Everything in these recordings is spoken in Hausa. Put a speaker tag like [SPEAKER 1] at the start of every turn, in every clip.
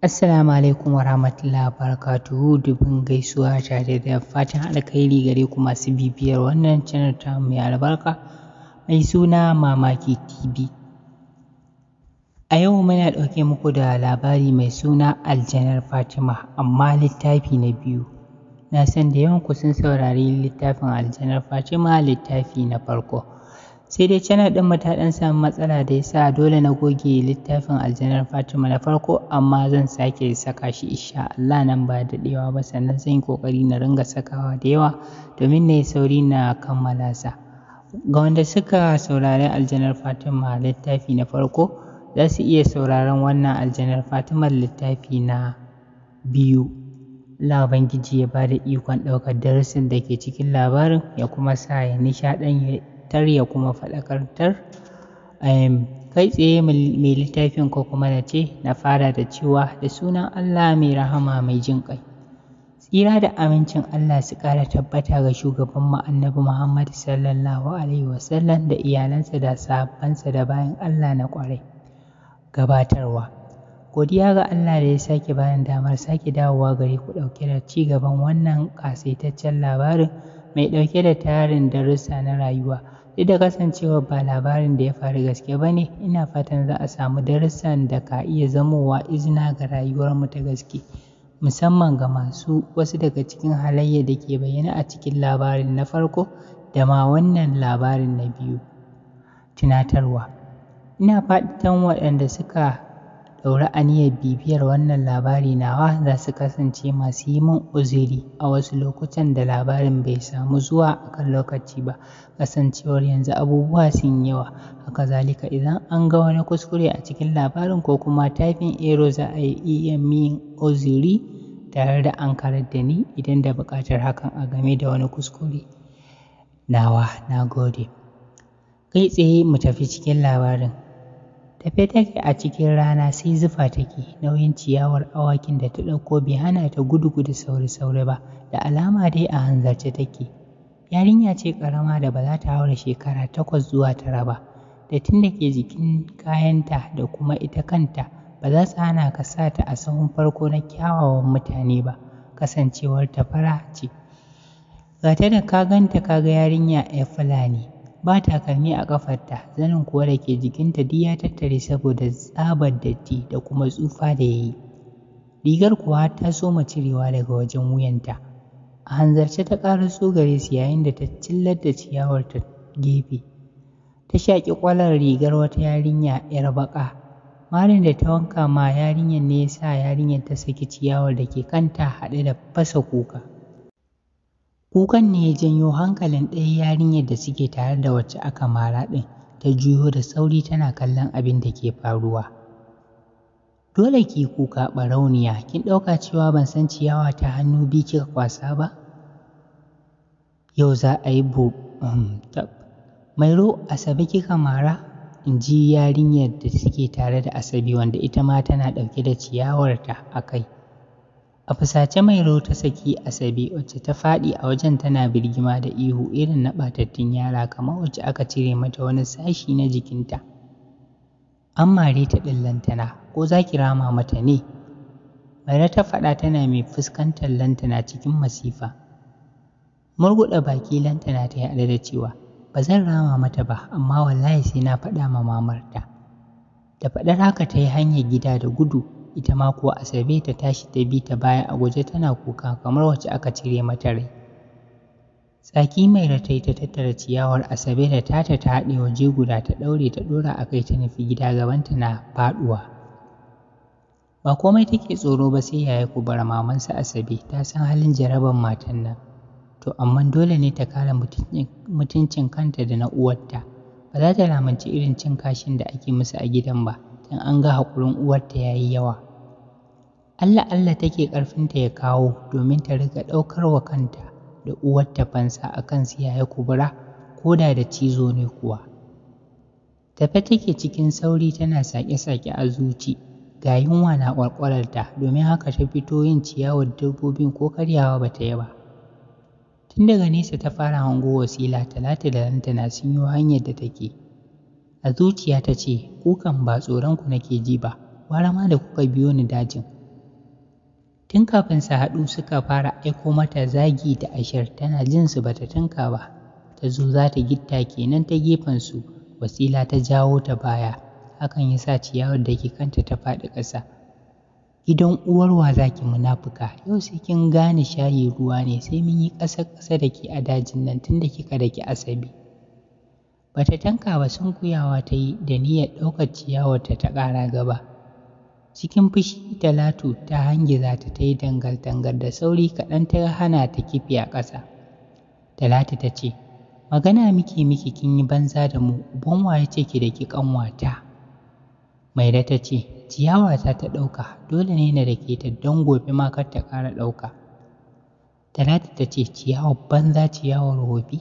[SPEAKER 1] Assalamu alaikum warahmatullahi barakatuhu dubin gaisuwa tare da fatan alkhairi gare ku masu bibiyar wannan channel ta mai albarka mai suna mamaki tv a yau muna ɗauke muku da labari mai suna aljanar fatima amma littafi na biyu na san da yawan ku sun saurari littafin aljanar fatima littafi na farko sai dai channel ɗinmu ta ɗan samu matsala da ya sa dole na goge littafin aljanar fatima na farko amma zan sake saka shi insha Allah nan ba da daɗewa ba sannan zan yi ƙoƙari na ringa sakawa da yawa domin na yi sauri na kammala sa ga wanda suka saurari aljanar fatima littafi na farko za su iya sauraron wannan aljanar fatima littafi na biyu Allah ya ba da ikon ɗaukar darasin da ke cikin labarin ya kuma sa ya nishaɗan ilmantar ya kuma faɗakartar kai tsaye mai littafin ko kuma na ce na fara da cewa da sunan Allah mai rahama mai jin kai tsira da amincin Allah su ƙara tabbata ga shugaban mu annabi Muhammad sallallahu alaihi wasallam da iyalansa da sahabbansa da bayan Allah na ƙwarai gabatarwa godiya ga Allah da ya sake bayan damar sake dawowa gare ku ɗauke da ci gaban wannan ƙasaitaccen labarin mai ɗauke da tarin darussa na rayuwa Duk da kasancewar ba labarin da ya faru gaske ba ne, ina fatan za a samu darussan da ka iya zamowa izina ga rayuwarmu ta gaske, musamman ga masu wasu daga cikin halayya da ke bayyane a cikin labarin na farko da ma wannan labarin na biyu. Tunatarwa: Ina fatan waɗanda suka ɗauri aniyar bibiyar wannan labari nawa za su kasance masu yi min uzuri a wasu lokutan da labarin bai samu zuwa a kan lokaci ba kasancewar yanzu abubuwa sun yawa haka zalika idan an ga wani kuskure a cikin labarin ko kuma typing error za a iya min uzuri tare da an karar da ni idan da buƙatar hakan a game da wani kuskure nawa na gode kai tsaye mu tafi cikin labarin Tafe take a cikin rana sai zufa take nauyin ciyawar awakin da ta ɗauko bai hana ta gudu-gudu sauri-sauri ba, da alama dai a hanzarce take. Yarinya ce ƙarama da ba za ta haura shekara takwas zuwa tara ba, da tun da ke jikin kayanta da kuma ita kanta ba za su hana ka sa ta a sahun farko na kyawawan mutane ba, kasancewar ta fara ce. Ga ta da ka ganta ka ga yarinya ‘yar Fulani. ba takalmi a ƙafarta zanin kuwa da ke jikinta duk ya tattare saboda tsabar datti da kuma tsufa da ya yi rigar kuwa ta soma cirewa daga wajen wuyanta a hanzarce ta ƙaraso gare su yayin da ta cillar da ciyawar ta gefe ta shaƙi ƙwalar rigar wata yarinya 'yar baƙa marin da ta wanka ma yarinyar ne ya sa yarinyar ta saki ciyawar da ke kanta haɗe da fasa kuka Kukan ne ya janyo hankalin ɗaya yarinyar da suke tare da wacce aka mara ɗin, ta juyo da sauri tana kallon abin da ke faruwa. Dole ki kuka ɓarauniya, kin ɗauka cewa ban san ciyawa ta hannu biyu kika kwasa ba? Yau za a yi bu... Um, Mairo Asabe kika mara? in ji yarinyar da suke tare da Asabe wanda ita ma tana ɗauke da ciyawarta a kai. A fusace mai rauta, saki Asabe wacce ta faɗi a wajen tana birgima da ihu irin na ɓatattun yara kamar wacce aka cire mata wani sashi na jikinta. An mare ta ɗin lantana, ko za ki rama mata ne? Mairo ta faɗa tana mai fuskantar lantana cikin masifa. Murguɗa baki lantana ta yaɗa da cewa, ba zan rama mata ba, amma wallahi sai na faɗa ma mamarta. Da faɗar haka ta yi hanyar gida da gudu. ita ma kuwa Asabe ta tashi ta bi ta baya a guje tana kuka kamar wacce aka cire mata rai. Tsaki mai ratai ta tattara ciyawar Asabe da tata ta haɗe waje guda ta ɗaure ta ɗora a kai ta nufi gida gabanta na faɗuwa. Ba komai take tsoro ba sai yaya kubara mamansa Asabe ta san halin jaraban matan nan. To amma dole ne ta kare mutuncin kanta da na uwarta. Ba za ta lamunci irin cin kashin da ake musu a gidan ba. in an ga haƙurin uwarta ya yi yawa. Allah Allah take ƙarfinta ya kawo domin ta riƙa ɗaukar wa kanta da uwarta fansa a kan siyaya ya kubura ko da da cizo ne kuwa. Tafe take cikin sauri tana saƙe-saƙe a zuci ga yunwa na ƙwarƙwararta domin haka ta fito yin ciyawar dabbobin ko karyawa ba ta yi ba. Tun daga nesa ta fara hango wasila Talatu da lantana sun yi hanyar da take. a zuciya ta ce kukan ba tsoronku nake ji ba gwara ma da kuka biyo ni dajin tun kafin su haɗu suka fara aiko mata zagi da ashir tana jin su bata tunka ba ta zo za ta gitta kenan ta gefen su wasila ta jawo ta baya hakan ya sa ciyawar da ke kanta ta faɗi ƙasa gidan uwar wa zaki munafuka yau sai kin gane shayi ruwa ne sai mun yi ƙasa ƙasa da ke a dajin nan tun da kika da ki asabi bata tanka ba sun kuyawa ta yi da niyyar ɗaukar ciyawarta ta ƙara gaba cikin fushi talatu ta hangiza ta ta yi dangal-dangal da sauri kaɗan ta hana ta kifi a ƙasa talatu ta ce magana miki miki kin yi banza da mu banwa ya ce ki da ki ƙanwata maida ta ce ciyawata ta ɗauka dole ne na dake ta don gobe ma kar ta ƙara ɗauka talatu ta ce ciyawar banza ciyawar hofi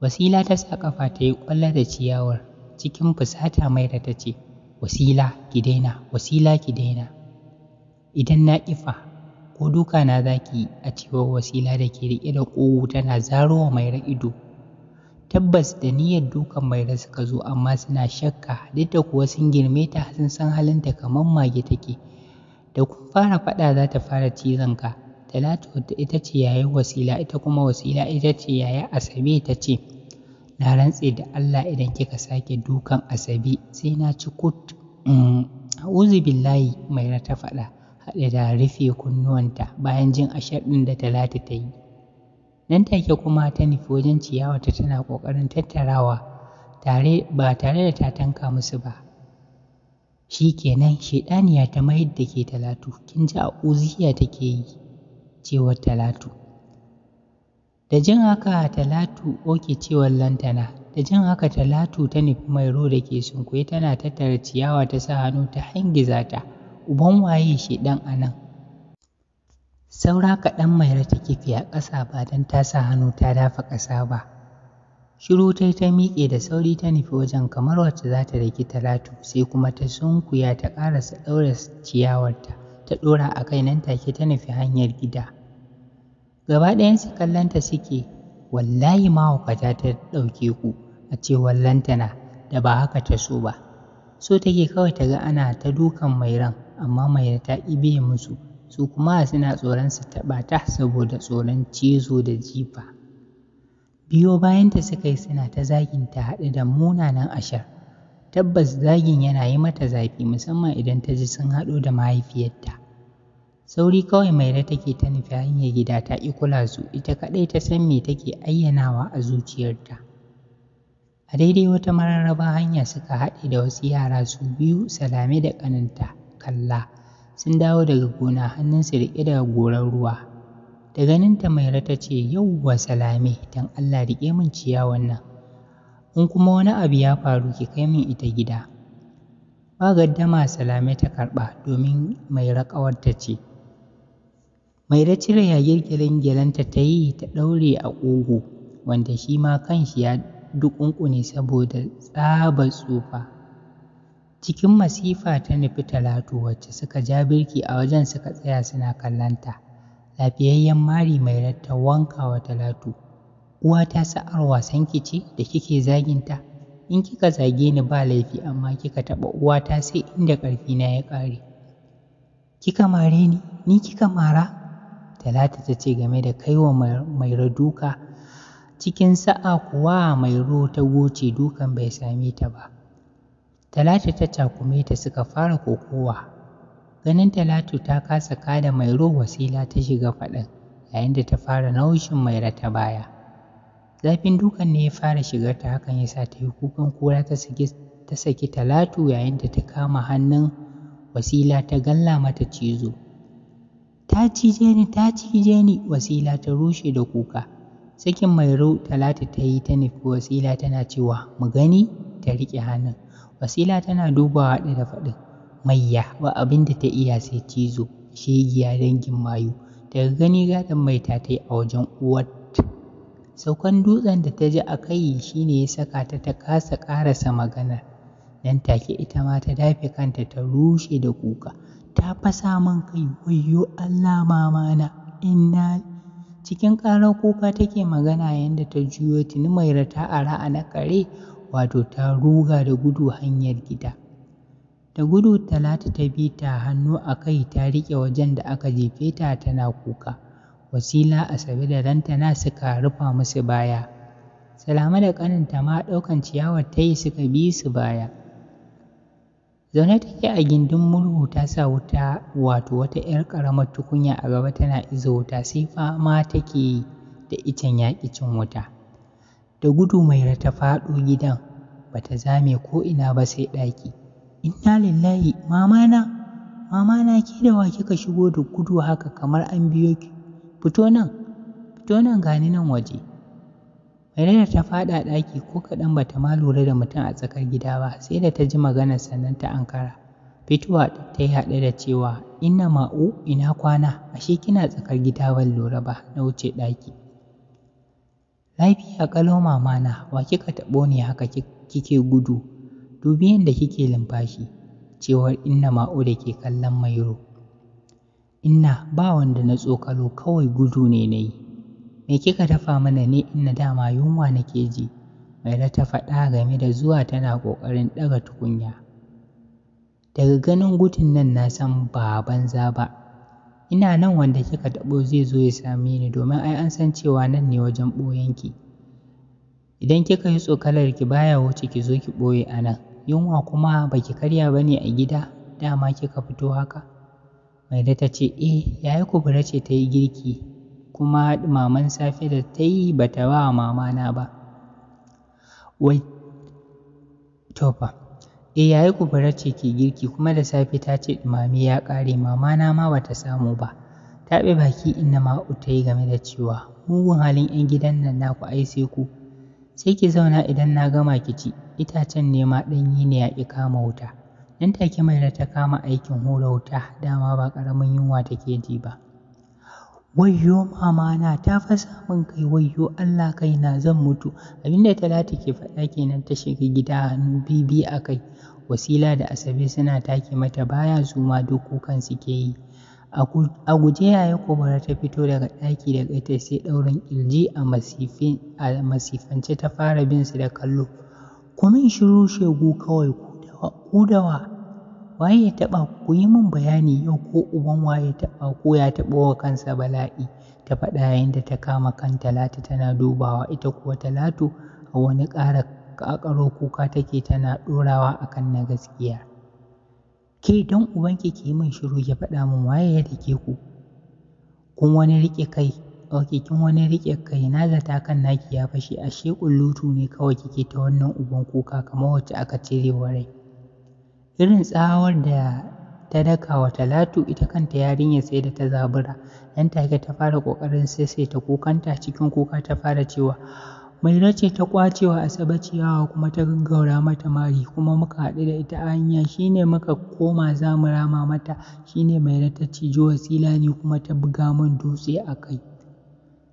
[SPEAKER 1] wasila ta sa ƙafa ta yi ƙwallo da ciyawar cikin fusata mai da ta ce wasila ki daina wasila ki daina idan na ƙifa ko duka na zaki a cewar wasila da ke riƙe da ƙugu tana zaro wa mai ido tabbas da niyyar dukan maira suka zo amma suna shakka duk da kuwa sun girme ta sun san halinta kamar mage take da kun fara faɗa za ta fara cizon ka talatu ita ce yayin wasila ita kuma wasila ita ce yaya asabe ta ce na rantse da Allah idan kika sake dukan asabe sai na ci kut mm, a'udhu billahi mai na ta faɗa haɗe da rufe kunnuwanta bayan jin ashar ɗin da talatu ta yi nan take kuma ta nufi wajen ciyawarta tana ƙoƙarin tattarawa tare ba tare da ta tanka musu ba shi kenan shaiɗaniya ta mayar da ke talatu kin ji a uziya take yi cewar Talatu. Da jin haka Talatu oke cewar lantana, da jin haka Talatu ta nufi mai mairo da ke sunkuye tana tattara ciyawa ta sa hannu ta hangiza ta, uban waye shi ɗan anan. Saura kaɗan maira ta kifi a ƙasa ba don ta sa hannu ta dafa ƙasa ba. Shiru ta ta miƙe da sauri ta nufi wajen kamar wacce za ta raki Talatu sai kuma ta sunkuya ta ƙarasa ɗaura ciyawarta. ta ɗora a kai nan take ta nufi hanyar gida gaba ɗayansu kallonta suke wallahi mahaukata ta ɗauke ku a ce wallantana da ba haka ta so ba so take kawai ta ga ana ta dukan mai ran amma mai ta ibe musu su kuma suna tsoron su taɓa ta saboda tsoron cizo da jifa biyo bayanta suka yi suna ta zaginta haɗe da munanan ashar Tabbas zagin yana yi mata zafi musamman idan ta ji sun haɗo da mahaifiyarta. Sauri kawai da take ta nufi hanyar gida ta ƙi kula su, ita kaɗai ta san me take ayyanawa a zuciyarta. A daidai wata mararraba hanya suka haɗe da wasu yara su biyu Salame da ƙananta Kalla sun dawo daga gona hannunsu riƙe da goran ruwa. Da ganinta Mairo ta ce, yauwa Salame don Allah riƙe min ciyawan nan. in kuma wani abu ya faru ki kai min ita gida ba gaddama salame ta karɓa domin mai ta ce mai da cire ya gyalen-gyalenta ta yi ta ɗaure a ƙugu wanda shi ma shi ya duƙunƙune saboda tsabar tsufa cikin masifa ta nufi talatu wacce suka ja birki a wajen suka tsaya suna kallanta lafiyayyen mari mai ta wanka wa talatu uwata sa'ar wasanki ce da kike zaginta in kika zage ni ba laifi amma kika taɓa uwa ta sai inda na ya ƙare kika mare ni ni kika mara Talatu ta ce game da kaiwa mai duka cikin sa'a kuwa mairo ta goce dukan bai same ta ba Talatu ta cakume ta suka fara kokowa ganin talatu ta kasa kada mairo wasila ta shiga faɗin yayin da ta fara naushin Maira ta baya Zafin dukan ne ya fara shigar ta hakan ya sa ta yi kukan kura ta saki talatu yayin da ta kama hannun wasila ta galla mata cizo. Ta cije ni, ta cije ni, wasila ta rushe da kuka. Sakin mai ru talatu ta yi ta nufi wasila tana cewa mu gani ta riƙe hannun. Wasila tana dubawa haɗe da faɗin mayya ba abin da ta iya sai cizo shegiya dangin mayu daga gani gadon mai ta ta yi a wajen uwar Saukan dutsen da ta ji a kai shi ne ya saka ta ta kasa ƙarasa magana. Nan take ita ma ta dafe kanta ta rushe da kuka. Ta fasa man kai wayyo Allah mamana inna cikin ƙarar kuka take magana yadda ta juyo tuni mai rata a ra'a na kare wato ta ruga da gudu hanyar gida. Da gudu Talatu ta bi ta hannu a kai ta riƙe wajen da aka jefe ta tana kuka. wasila asabe da rantana suka rufa musu baya salama da ƙaninta ma ɗaukan ciyawar ta yi suka bi su baya zaune take a gindin murhu ta sa wuta wato wata 'yar ƙaramar tukunya a gaba tana izo wuta sai fama take da icen yaƙi cin wuta da gudu mai ta faɗo gidan bata zame ko ina ba sai ɗaki inna lillahi mamana mamana ke da wa kika shigo da gudu haka kamar an biyo ki fito nan fito nan gani nan waje Mairada ta faɗa ɗaki ko kaɗan ba ta ma lura da mutum a tsakar gida ba sai da ta ji maganar sannan ta ankara. Fitowa ta yi haɗe da cewa ina ma'u ina kwana ashe kina tsakar gida ban lura ba na wuce ɗaki. Lafiya ƙalau mamana wa kika taɓo ne haka kike gudu dubi yadda kike lumfashi cewar inna ma'u da ke kallon mairo. Inna ba wanda na tsokalo kawai gudu ne na yi. Me kika dafa mana ne inna dama yunwa nake ji, Mai ta faɗa game da zuwa tana ƙoƙarin ɗaga tukunya. Daga ganin gudun nan na san ba banza ba, ina nan wanda kika taɓo zai zo ya same ni domin ai an san cewa nan ne wajen ɓoyenki. Idan kika yi tsokalar ki baya wuce ki zo ki ɓoye a nan, yunwa kuma baki karya bane a gida, dama kika fito haka? Maida ta ce, "Eh, yi Kubura ce ta yi girki, kuma Maman safe da ta yi ba ta ba wa mamana ba." Wai, to fa, "Eh, yi Kubura ce ke girki, kuma da safe ta ce ɗumame ya ƙare, mamana ma ba ta samu ba." Ta Taɓe baki inda ma'u ta yi game da cewa, "Mugun halin 'yan gidan nan naku ai sai ku, sai ki zauna idan na gama ki ci, itacen ne ma ɗanye ne ya ƙi kama wuta." nan take mai da ta kama aikin hura wuta dama ba ƙaramin yunwa take ji ba wayyo mama na ta fasa min kai wayyo Allah kai na zan mutu abinda talatu ke faɗa kenan ta shiga gida hannu bibi a kai wasila da asabe suna take mata baya suma duk kukan suke yi a guje yaya kubura ta fito daga ɗaki da gaita sai ɗaurin ƙirji a masifance ta fara bin su da kallo kumin shiru shegu kawai ko. taɓa da wa waye ya taɓa ku yi min bayani yau ko uban waye ya taɓa ko ya taɓa wa kansa bala'i ta faɗa yayin da ta kama kan talatu tana dubawa ita kuwa talatu a wani ƙara ƙaƙaro kuka take tana ɗorawa akan na gaskiya ke dan ubanki ki yi min shiru ya faɗa min waye ya dake ku kun wani riƙe kai ɗauke kin wani riƙe kai na zata kan naki ya fashe ashe ƙullutu ne kawai kike ta wannan uban kuka kamar wacce aka cire wa rai Irin tsawar da ta daka wa Talatu ita kanta yarinyar sai da ta zabura, nan take ta fara ƙoƙarin saisaita kukanta cikin kuka ta fara cewa, Mairo ce ta ƙwace wa Asabe ciyawa kuma ta gaggaura mata mari kuma muka haɗu da ita a hanya shi muka koma za mu rama mata shine mai Mairo ta ciji wasila ne kuma ta buga min dutse a kai.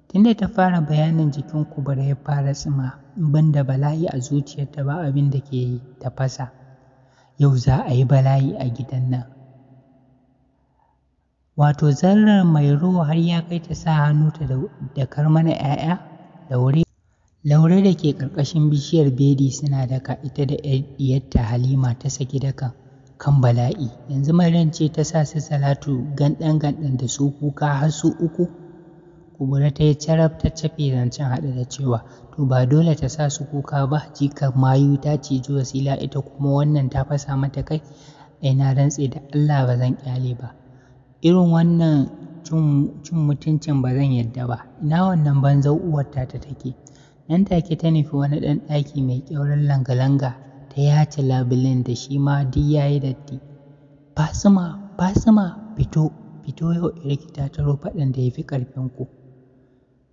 [SPEAKER 1] Tunda ta fara bayanin jikin kubura ya fara tsima banda da bala'i a zuciyarta ba abin da ke tafasa. yau za a yi bala'i a gidan nan wato zarar mai ruwa har ya kai ta sa hannu ta da mana 'ya'ya laure laure da ke ƙarƙashin bishiyar bedi suna daka ita da ɗiyarta halima ta saki daka kan bala'i yanzu mai ce ta sa su salatu ganɗan ganɗan da su kuka har su uku Kubura ta yi carab ta cafe zancen haɗe da cewa, to ba dole ta sa su kuka ba, jikar Mayu ta ciji Wasila ita kuma wannan ta fasa mata kai, ai na rantse da Allah ba zan ƙyale ba. Irin wannan cin mutuncin ba zan yadda ba, ina wannan banza uwar ta take. Nan take ta nufi wani ɗan ɗaki mai ƙyauren langa-langa ta yace labulen da shi ma duk ya yi datti. Fasima, Fasima, fito, fito yau irki ta taro faɗin da ya fi ku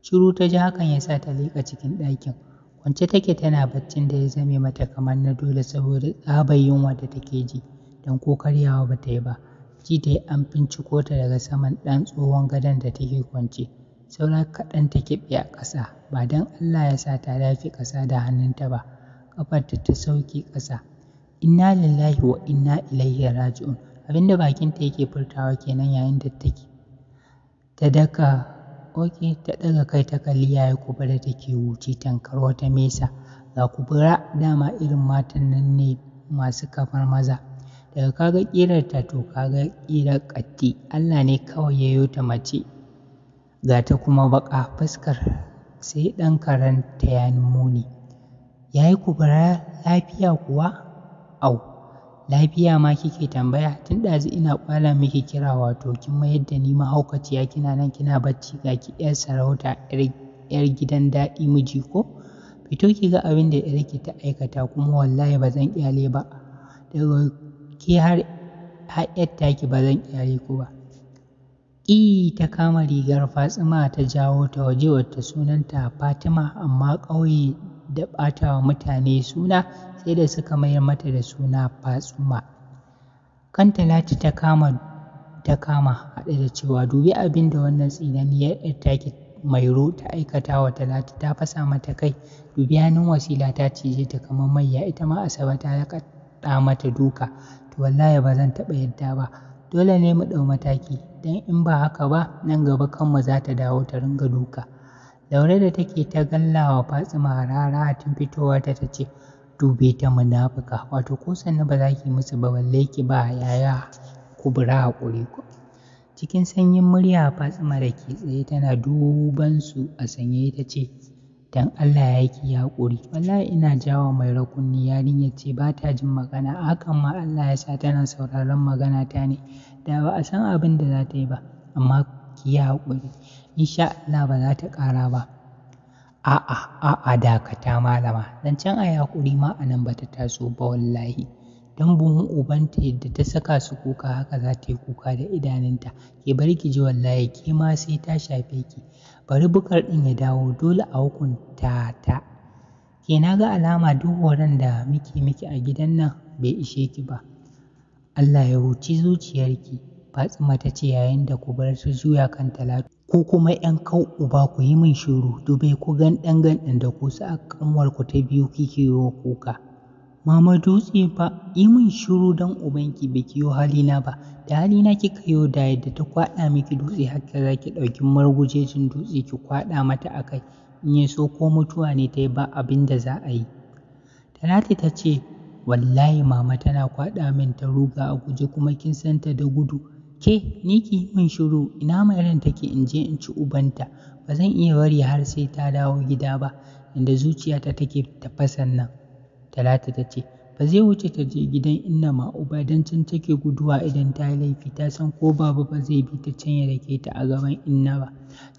[SPEAKER 1] Shiru ta ji hakan ya sa ta leƙa cikin ɗakin. Kwance take tana baccin da ya zame mata kamar na dole saboda tsabar yunwa da take ji, don ko karyawa ba ta yi ba. Ji ta yi an finciko ta daga saman ɗan tsohon gadon da take kwance. Saura kaɗan ta kiɓe a ƙasa, ba don Allah ya sa ta dafe ƙasa da hannunta ba. Ƙafarta ta sauke ƙasa. Inna lillahi wa inna ilaihi raji'un. Abinda bakinta yake furtawa kenan yayin da take ta daka Ok, ta ɗaga kai ta kalli yaya kubura da ke wuce tankar wata mesa. Ga kubura dama irin matan nan ne masu kamar maza. Daga kaga ƙirar ta to kaga ƙirar ƙatti Allah ne kawai ya ta mace. Ga ta kuma baƙa fuskar sai ɗan karen ta ya muni. Yayi kubura lafiya kuwa? Au, lafiya ma kike tambaya tun ɗazu ina kwala miki kira wato kin mayar da ni mahaukaciya kina nan kina bacci ga ki yar sarauta yar gidan daɗi miji ko fito ki ga abin da yarki ta aikata kuma wallahi ba zan kyale ba daga ke har yar taki ba zan kyale ku ba ƙi ta kama rigar fatsima ta jawo ta waje wata sunanta fatima amma ƙauye da ɓata wa mutane suna sai da suka mayar mata da suna Fatsuma. Kan Talatu ta kama ta kama haɗe da cewa dubi abin da wannan tsinaniyar ‘yar take Mairo ta aikata wa Talatu ta fasa mata kai dubi hannun wasila ta cije ta kamar mayya ita ma Asabe ta kaɗa mata duka to wallahi ba zan taɓa yadda ba dole ne mu ɗau mataki don in ba haka ba nan gaba kanmu za ta dawo ta ringa duka. Laure da take ta gallawa Fatsima rara tun fitowarta ta ce, Dube ta munafuka, wato ko sannan ba za ki musu ba balle ki ba yaya kubura haƙuri ku. Cikin sanyin murya Fatsima da ke tsaye tana duban su a sanye ta ce, Dan Allah ya ki haƙuri, wallahi ina jawo mai rakunni yarinyar ce ba ta jin magana, hakan ma Allah ya sa tana sauraron magana ta ne, da ba a san abin da za ta yi ba, amma ki yi haƙuri. insha Allah ba za ta ƙara ba a'a a'a dakata malama zancen a yaƙuri ma a nan ba ta taso ba wallahi dan buhun ubanta yadda ta saka su kuka haka za ta yi kuka da idanunta ke bari ki ji wallahi ke ma sai ta shafe ki bari bukar ɗin ya dawo dole a hukunta ta ke na ga alama duk horon da muke miki a gidan nan bai ishe ki ba Allah ya huci zuciyarki Fatsima ta ce yayin da ku bar ta juya kan Talatu. Ku kuma ‘yan kau uba ku yi min shiru, dubai ku gan ɗan ganɗin da ku sa ku ta biyu kike wa kuka. Mama dutse ba yi min shiru don ubanki bai kiyo halina ba, da halina kika yo da yadda ta kwaɗa miki dutse haka za ki ɗauki margujejin dutse ki kwaɗa mata a kai, in ya so ko mutuwa ne ta yi ba abin da za a yi. Talatu ta ce wallahi mama tana kwaɗa min ta ruga a guje kuma kin santa da gudu Ke, ni ki yi min shiru, ina irin take in je in ci ubanta, ba zan iya bari har sai ta dawo gida ba, inda zuciyata take tafasan nan. Talatu ta ce, ba zai wuce ta je gidan inna ma ba don can take guduwa idan ta yi laifi ta san ko baba ba zai bi ta can ya rake ta a gaban inna ba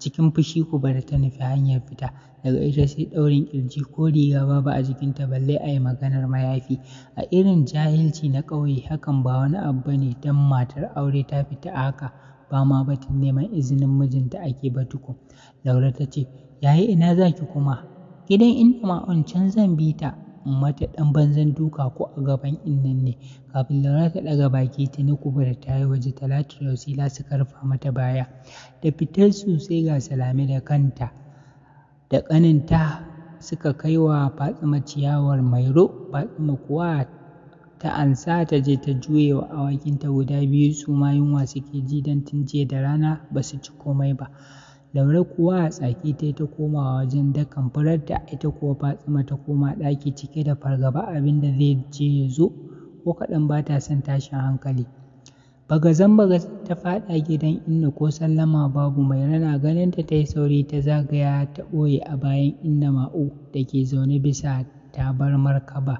[SPEAKER 1] cikin fushi ku bar ta nufi hanyar fita daga ita sai daurin kirji ko riga babu a jikinta balle a yi maganar mayafi a irin jahilci na ƙauye hakan ba wani abu ba ne don matar aure ta fita a haka ba ma batun neman izinin mijinta ake ba tukun laura ta ce yayi ina zaki kuma gidan inna on can zan bi ta mata ɗan banzan duka ko a gaban innan ne kafin Laura ta ɗaga baki tuni kubura ta yi waje Talatu da Wasila su rufa mata baya da fitar sosai ga Salame da kanta da ƙaninta suka kai wa Fatsima ciyawar Mairo Fatsima kuwa ta ansa ta je ta juye wa awakinta guda biyu su ma yunwa suke ji don tun jiya da rana ba su ci komai ba Laure kuwa a tsaki ta ta komawa wajen dakan da ita kuwa fatima ta koma ɗaki cike da fargaba abin da zai je ya zo, ko kaɗan ba ta son tashin hankali. Bagazan-bagazan ta faɗa gidan Inna ko sallama babu mai rana ganin ta ta yi sauri ta zagaya ta ɓoye a bayan Inna Ma'u da ke zaune bisa tabarmar markaba.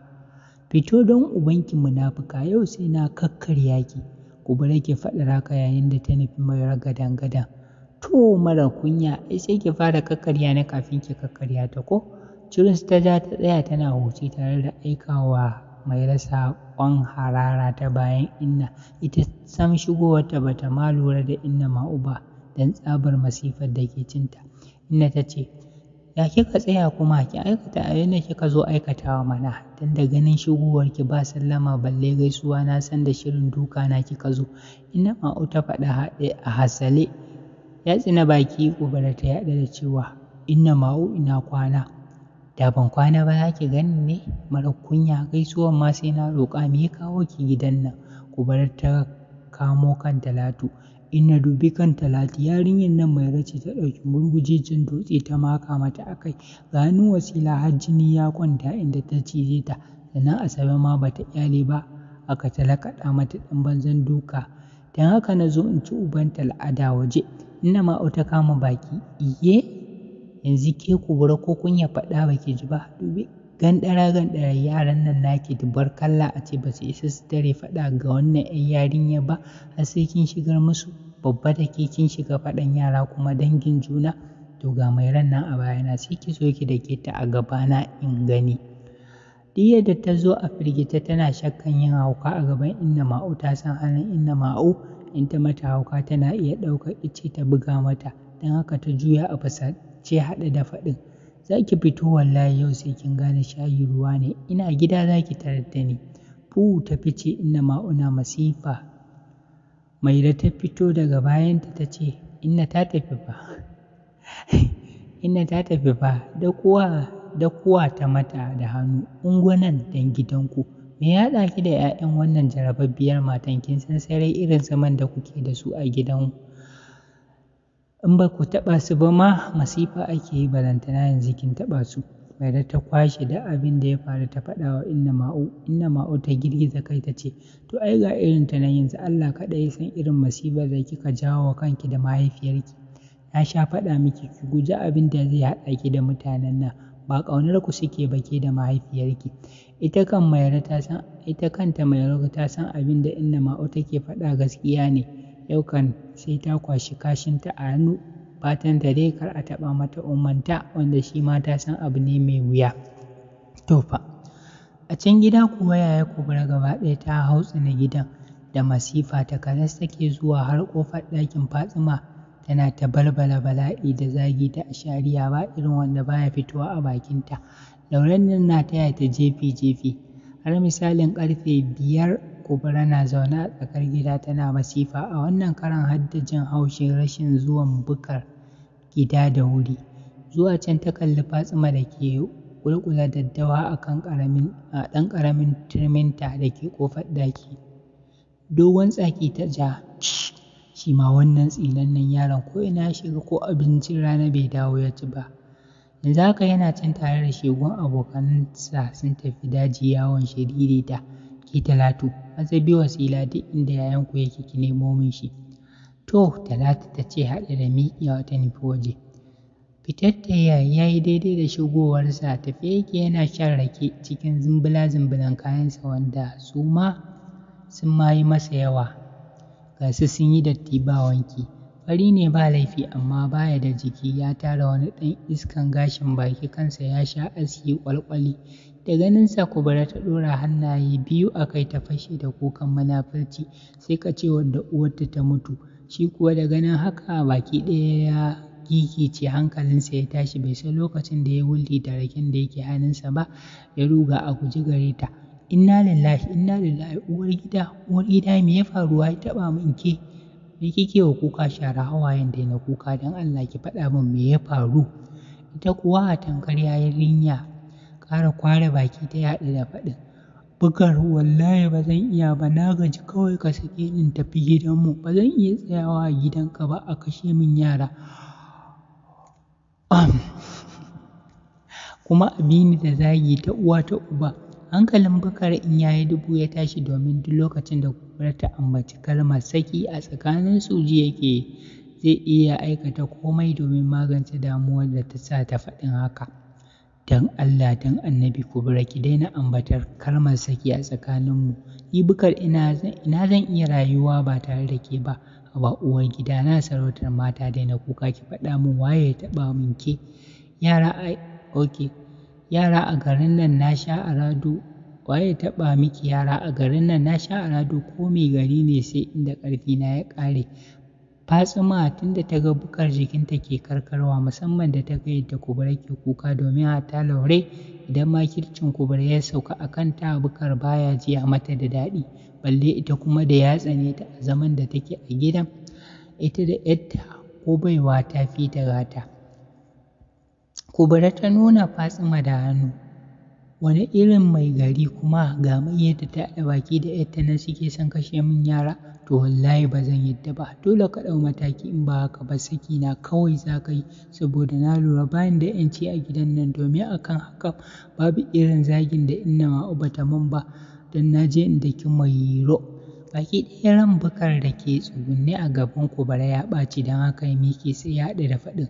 [SPEAKER 1] Fito don ubanki munafuka yau sai na kakkarya ku bar ke faɗar haka yayin da ta nufi mai ragadan-gadan. to mara kunya ai sai ki fara kakkarya na kafin ki kakkarya ta ko Ciris ta za ta tsaya tana huce tare da aikawa mai rasa ƙwan harara ta bayan inna ita sam shigowarta bata ma lura da inna ma'u ba don tsabar masifar da ke cinta inna ta ce ya kika tsaya kuma ki aikata abin da kika zo aikatawa mana Tanda da ganin ki ba sallama balle gaisuwa na san da shirin duka na kika zo inna ma'u ta faɗa a hasale ya tsina baki ƙubara ta yaɗa da cewa inna ma'u ina kwana da ban kwana ba za ki gani ne mara kunya gaisuwan ma sai na roƙa me ya kawo ki gidan nan ƙubarar ta kamo kan talatu inna dubi kan talatu yarinyar nan mai race ta ɗauki murgujejin dutse ta maka mata akai ga hannun wasila har jini ya kwanta inda ta cije ta sannan asabe ma bata kyale ba aka talakaɗa mata ɗan banzan duka don haka na zo in ci uban tal'ada waje Inna au ta kama baki, iye yanzu ke kubura ko kunya faɗa ba ki ji ba, dubi gan gandara yaran nan naki dubar kalla a ce ba su isa su tare faɗa ga wannan 'yan yarinya ba har sai kin shigar musu babba da ke kin shiga faɗan yara kuma dangin juna to ga mai ran nan a bayana sai ki zo ki da ke ta a gabana in gani. Duk yadda ta zo a firgita tana shakkan yin hauka a gaban Inna Ma'u ta san halin Inna Ma'u in ta mata hauka tana iya ɗaukar ice ta buga mata don haka ta juya a fasace haɗe da faɗin za ki fito wallahi yau sai kin gane shayi ruwa ne ina gida za ki tarar da ni Fuhu ta fice inna ma'una masifa mai da ta fito daga bayanta ta ce inna ta tafi fa inna ta tafi fa da kuwa ta mata da hannu unguwanan dan gidanku Me ya haɗa ki da 'ya'yan wannan jarababbiyar matan kin san sarai irin zaman da kuke da su a gidan in ba ku taɓa su ba ma masifa ake yi balantana yanzu kin taɓa su Maida ta kwashe da abin da ya faru ta faɗa wa inna ma'u inna ma'u ta girgiza kai ta ce to ai ga irin ta nan yanzu Allah kaɗai ya san irin masifar da kika jawo wa kanki da mahaifiyarki na sha faɗa miki ki guji abin da zai haɗa ki da mutanen nan ba ƙaunar ku suke ba ke da mahaifiyarki ita kan mayar ta kanta ta san abin da inna ma'u take faɗa gaskiya ne yau kan sai ta kwashi kashinta a hannu fatan ta dai kar a taɓa mata umanta wanda shi ma ta san abu ne mai wuya to fa a can gida kuwa yaya kubura gaba ɗaya ta hau na gidan da masifa ta karas take zuwa har ƙofar ɗakin fatsima tana ta balbala bala'i da zagi ta ashariya ba irin wanda baya fitowa a bakinta Lauren nan na taya ta jefi-jefi, har misalin ƙarfe biyar Kubura na zaune a tsakar gida tana masifa, a wannan karan har jin haushin rashin zuwan Bukar gida da wuri. Zuwa can ta kalli Fatsuma da ke ƙulƙula daddawa a ɗan ƙaramin turminta da ke ƙofar ɗaki. Dogon tsaki ta ja, shi ma wannan tsinannen yaron ko ina ya shiga ko abincin rana bai dawo ya ci ba. Yanzu yana can tare da shegun abokansa sun tafi daji yawon da Ke Talatu, Asabe wasila duk inda yayanku yake ki nemo min shi. To, Talatu ta ce haɗe da miƙewa ta nufi waje. Fitar da ya yi daidai da shigowarsa tafiye yake yana shan rake cikin zumbula-zumbulan kayansa wanda su ma sun ma yi masa yawa. Ga su sun yi datti ba wanki. Fari ne ba laifi amma baya da jiki ya tara wani ɗan iskan gashin baki kansa ya sha aski ƙwalƙwali. Da ganinsa Kubura ta ɗora hannaye biyu a kai ta fashe da kukan munafurci sai ka ce wadda uwarta ta mutu. Shi kuwa da ganin haka baki ɗaya ya gigice hankalinsa ya tashi bai san lokacin da ya da raken da yake hannunsa ba ya ruga a guji gare ta. Inna lillahi inna lillahi uwar gida uwar gida me ya faruwa ya taɓa min ke? me kike wa kuka shara hawayen da na kuka don Allah ki faɗa min me ya faru ita kuwa a tankar yarinya ƙara kware baki ta yaɗa da faɗin bugar wallahi ba zan iya ba na gaji kawai ka sake in tafi gidanmu ba zan iya tsayawa a gidan ka ba a kashe min yara kuma abini da zagi ta uwa ta uba Hankalin Bukar in ya tashi domin duk lokacin da Goggo ta ambaci kalmar saki a tsakanin su ji yake zai iya aikata komai domin magance damuwar da ta sa ta faɗin haka. Don Allah don Annabi bar ki daina ambatar kalmar saki a tsakanin mu ni Bukar ina zan iya rayuwa ba tare da ke ba, haba uwar gida na sarautar mata daina kuka ki faɗa min waye ya taɓa min ke. Yara ai, okay. yara a garin nan na sha arado waye ya taɓa miki yara a garin nan na sha arado ko mai gari ne sai inda ƙarfi na ya ƙare tun da ta ga bukar jikinta ke karkarwa musamman da ta ga yadda kubura ke kuka domin hata laure idan ma kircin kubura ya sauka a kan ta bukar baya jiya mata da daɗi balle ita kuma da yatsa ne ta a zaman da take a gidan ita da yadda ko baiwa ta fi ta gata Kubura ta nuna fatsima da hannu. Wani irin mai gari kuma ga mai yadda ta haɗa baki da yadda na suke son kashe min yara to wallahi ba zan yadda ba dole ka ɗau mataki in ba haka ba saki na kawai za ka yi saboda na lura bayan da yanci a gidan nan domin akan haka babu irin zagin da inna ma uba ta man ba don na je in daki mai ro baki ɗaya ran bakar da ke tsugunne a gaban kubara ya ɓaci don haka ya sai ya haɗa da faɗin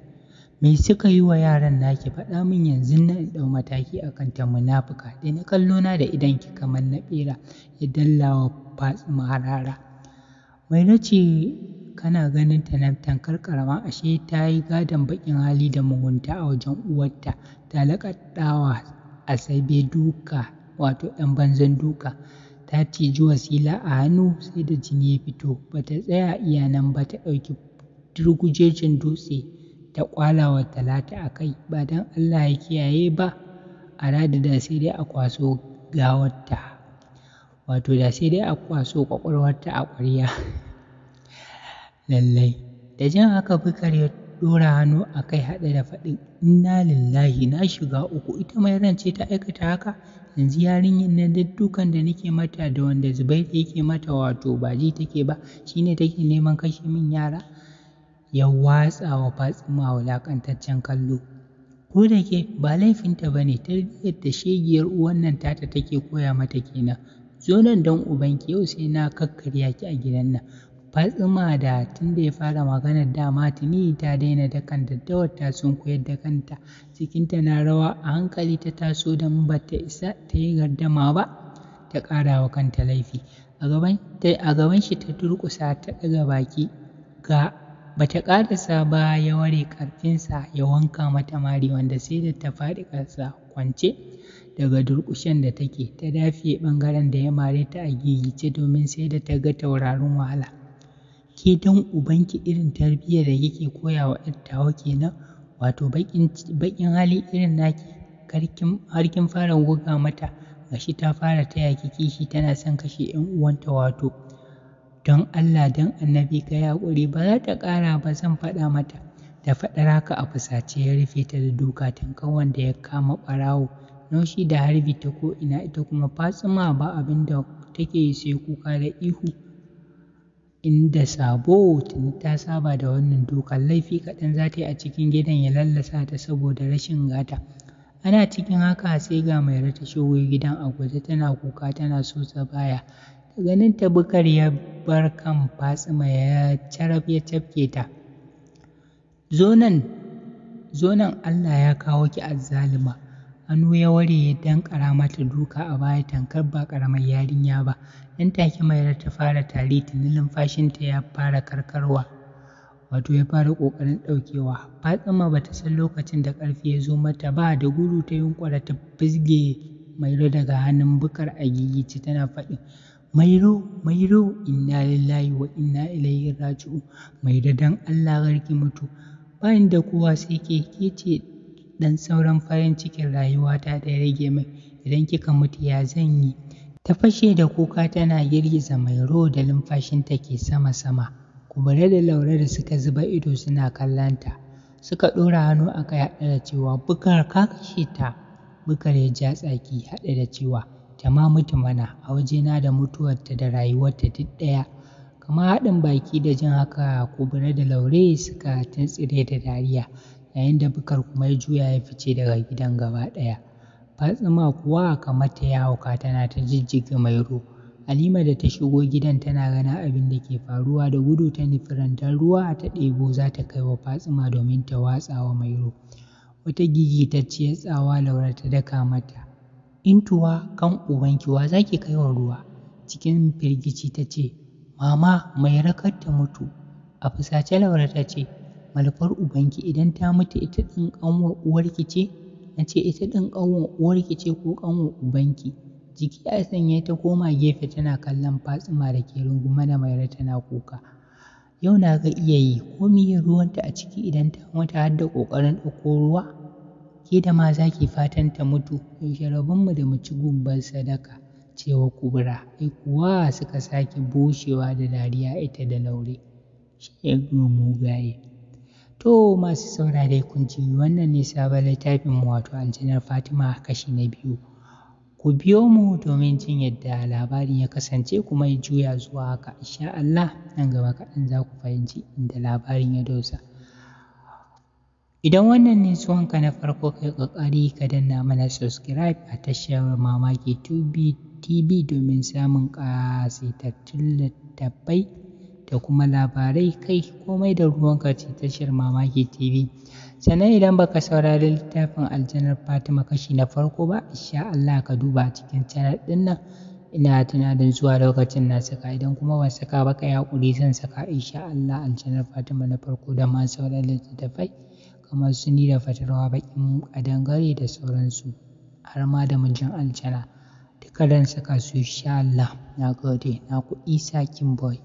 [SPEAKER 1] Me suka yi wa yaran naki faɗa min yanzu na in ɗau mataki a ta munafuka da na kallo na da ki kamar na ɓera ya dallawa Fatsuma harara. Mai na ce kana ganin ta nan tamkar ƙarama ashe ta yi gadon baƙin hali da mugunta a wajen uwarta ta laƙaɗawa Asabe duka wato ɗan banzan duka. ta ciji wasila a hannu sai da jini ya fito bata tsaya iya nan ba ta ɗauki turgujejin dutse ta kwalawa talata a kai ba don Allah ya kiyaye ba a rada da sai dai a kwaso gawarta wato da sai dai a kwaso kwakwalwarta a ƙwarya lallai da jan haka fi ya ɗora hannu a kai haɗe da faɗin inna lillahi na shiga uku ita mai rance ta aikata haka yanzu yarinyar na dukkan da nake mata da wanda Zubairu yake mata wato ba ji take ba shine take neman kashe min yara ya watsa wa Fatsima wulaƙantaccen kallo. Ko da ke ba laifinta ba ne tarbiyyar da shegiyar uwan nan tata take koya mata kenan. Zo nan don ubanki yau sai na kakkarya ki a gidan nan. Fatsima da tun da ya fara maganar dama tuni ta daina dakan daddawar ta sun koyar da kanta. Cikinta na rawa a hankali ta taso don ba ta isa ta yi gardama ba ta ƙara wa kanta laifi. A gaban shi ta durƙusa ta ɗaga baki ga bata ƙarasa ba ya ware ƙarfinsa ya wanka mata mari wanda sai da ta faɗi ƙarsa kwance daga durƙushen da take ta dafiye ɓangaren da ya mare ta a gigice domin sai da ta ga taurarin wahala ke dan ubanki irin tarbiyya da kike koya wa tawa kenan wato baƙin hali irin naki har kin fara goga mata gashi ta fara taya ki kishi tana son kashe 'yan uwanta wato don Allah don annabi ka yi haƙuri ba za ta ƙara ba zan faɗa mata da faɗar haka a fusace ya rufe ta da duka tankan wanda ya kama ɓarawo naushi da harbi ta ko ina ita kuma fatsima ba abin da take yi sai kuka da ihu inda sabo tuni ta saba da wannan dokar, laifi kaɗan za ta yi a cikin gidan ya lallasa ta saboda rashin gata ana cikin haka sai ga mai ta shigo gidan a guje tana kuka tana so ta baya ganin ta bukar ya bar kan fatsima ya carab ya cafke ta zo nan allah ya kawo ki azzalima hannu ya ware ya dankara mata duka a baya tankar ba ƙaramar yarinya ba nan take mayar ta fara tari tuni numfashinta ya fara karkarwa wato ya fara ƙoƙarin ɗaukewa fatsima ba ta san lokacin da ƙarfi ya zo mata ba da gudu ta yunƙura ta fizge mai daga hannun bukar a gigice tana faɗi mairo mairo inna lillahi wa inna ilaihi raji'u mairo dan Allah garki mutu bayan da kowa sai ke ke ce dan sauran farin cikin rayuwata da ya rage mai idan kika mutu ya zan yi ta fashe da kuka tana girgiza mai ro da lumfashinta ke sama-sama kubare da laure da suka zuba ido suna kallanta suka ɗora hannu a kai haɗe da cewa bukar ka kashe ta bukar ya ja tsaki haɗe da cewa Tama mutu mana a wajena da mutuwarta da rayuwarta duk ɗaya kamar haɗin baki da jin haka kubura da laure suka tantsire da dariya yayin da bukar kuma ya juya ya fice daga gidan gaba ɗaya fatsima kuwa kamar ta yi hauka tana ta jijjiga mairo halima da ta shigo gidan tana ganin abin da ke faruwa da gudu ta nufi rantar ruwa ta ɗebo za ta kai wa fatsima domin ta watsa wa mairo wata gigitacciyar tsawa laura ta daka mata Intuwa kan ubanki wa za ki kai wa ruwa? Cikin firgici ta ce, Mama mai rakar ta mutu. A fusace Laura ta ce, Malfar ubanki idan ta mutu ita ɗin ƙanwar uwarki ce? Na ce ita ɗin ƙanwar uwarki ce ko ƙanwar ubanki? Jiki a sanye ta koma gefe tana kallon Fatsima da ke rungume da Maira tana kuka. Yau na ga iyayi, ko ruwanta a ciki idan ta mutu har da ƙoƙarin ɗauko ruwa? ke da ma za ki fatan ta mutu yaushe mu da mu ci gumbar sadaka cewa kubura ai kuwa suka sake bushewa da dariya ita da laure shi ya mugaye to masu saurare kun ji wannan ne sabon littafin mu wato aljinar fatima kashi na biyu ku biyo mu domin jin yadda labarin ya kasance kuma ya juya zuwa haka insha Allah nan gaba kaɗan za ku fahimci inda labarin ya dosa Idan wannan ne zuwanka na farko kai ƙoƙari ka danna mana subscribe a tashar Mamaki TV domin samun ƙasaitattun littattafai da kuma labarai kai komai da ruwanka ce tashar Mamaki TV. Sannan idan baka saurari littafin Aljanar Fatima kashi na farko ba, insha Allah ka duba cikin channel ɗin nan. ina tunanin zuwa lokacin na saka idan kuma ban saka ba yi haƙuri zan saka insha Allah Aljanar Fatima na farko da ma sauran littattafai. kamar su yi da fatalwa baƙin dangane da sauransu har ma da mujin aljana duka dan saka su insha Allah na gode na ku Isa Kimboy